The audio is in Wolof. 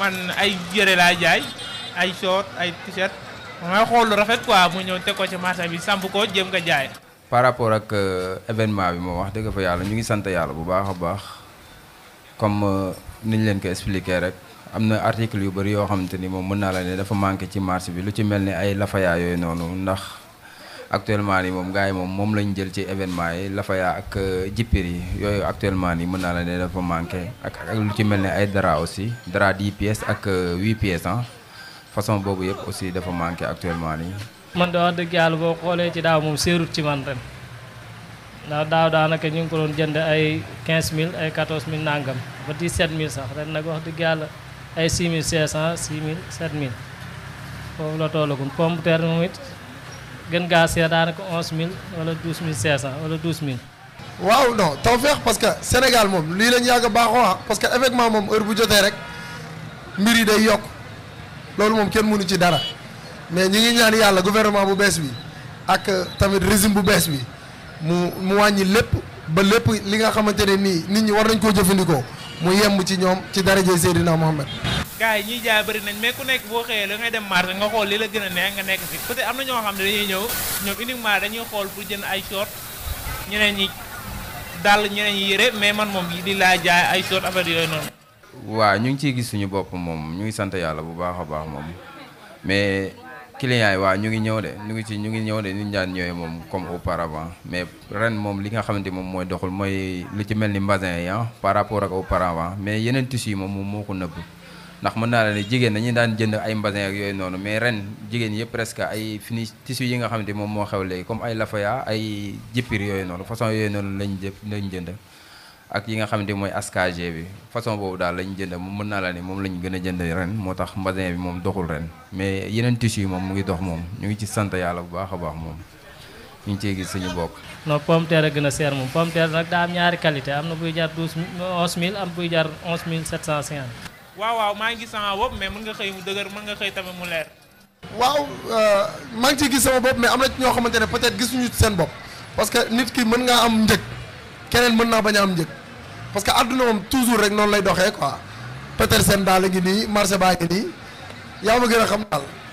man ay yére laa jaay ay short ay t-shirt ma xool lu rafet quoi mu ñëw teg ko ci marché bi samp ko jéem nga jaay. par rapport ak euh, événement bi moom wax dëgg fa yàlla ñu ngi sant yàlla bu baax a baax comme euh, ni ñu leen ko expliqué rek am na article yu bari yoo xamante ni moom mën naa la ne dafa manqué ci marché bi lu ci mel ni ay lafaya yooyu noonu ndax. actuellement nii moom gars yi moom moom lañu jël ci événement yi Lafaya ak euh, jippir yi yooyu actuellement nii mën naa la ne dafa manqué ak ak lu ci mel ne ay dara aussi dara 10 pièces ak 8 euh, pièces ah façon boobu yëpp aussi dafa manqué actuellement nii. man de wax dëgg yàlla boo xoolee ci daaw moom séerut ci man ren ndax daaw daanaka ñu ngi ko doon jënd ay 15000 ay 14000 nangam ba mil sax ren nag wax dëgg yàlla ay 6500 6000 7000 foofu la tollagun pomme de terre moom it. gën gaa seer daanaka onze mille wala douze mille cinq cent wala douze mille. waaw non tawfeex parce que Sénégal moom lii lañ yàgg a baaxoo ah parce que effectivement moom heure bu jotee rek mbir yi day yokk loolu moom kenn mënu ci dara mais ñi ngi ñaan yàlla gouvernement bu bees bi ak euh, tamit résime bu bees bi mu mu wàññi lépp ba lépp li nga xamante ne nii nit ñi war nañ koo jëfandikoo mu yemb ci ñoom ci daraje Seydina Mohamed. gars yi ñuy jaay bëri nañ mais ku nekk boo xëyee la ngay dem marché nga xool li la gën a neex nga nekk si peut-être am na ñoo xam ne dañuy ñëw xool pour ay short ñeneen ñi dàll mais man moom di laa jaay ay short affaire yooyu waaw ñu ngi ciy gis suñu bopp moom ñu ngi sant yàlla bu baax a baax moom mais clients yi waaw ñu ngi ñëw de ñu ngi ci ñu ngi ñëw de ñu daan ñëwee moom comme auparavant mais ren moom li nga xamante moom mooy doxul mooy lu ci mel ni mbasin ya ah, par rapport ak auparavant mais yeneen tissus yi moom moom moo ko nëbb ndax mën naa la ne jigéen dañuy daan jënd ay mbasin ak yooyu noonu mais ren jigéen yëpp presque ay fini tissu yi nga xam ne moom moo xew léegi comme ay lafaya ay jippir yooyu noonu façon yooyu noonu lañ jënd ak yi nga xam ne mooy askage bi façon boobu daal lañ jënd moom mën naa la ne moom lañ gën a jënd ren moo tax mbasin bi moom doxul ren mais yeneen tissu yi moom mu ngi dox moom ñu ngi ci sant yàlla bu baax a baax moom ñu ngi cee gis suñu bopp. non a gën moom waaw waaw maa ngi gis sama bopp mais mën nga xëy mu dëgër mën nga xëy tamit mu leer. waaw euh, maa ngi ciy gis sama bopp mais am na ñoo xamante ne peut-être gisuñu seen bopp parce que nit ki mën ngaa am njëg keneen mën naa bañ a am njëg parce que àdduna moom toujours rek noonu lay doxee quoi peut-être seen daal a ngi nii marché baa ngi nii yaa ma gën a xam daal.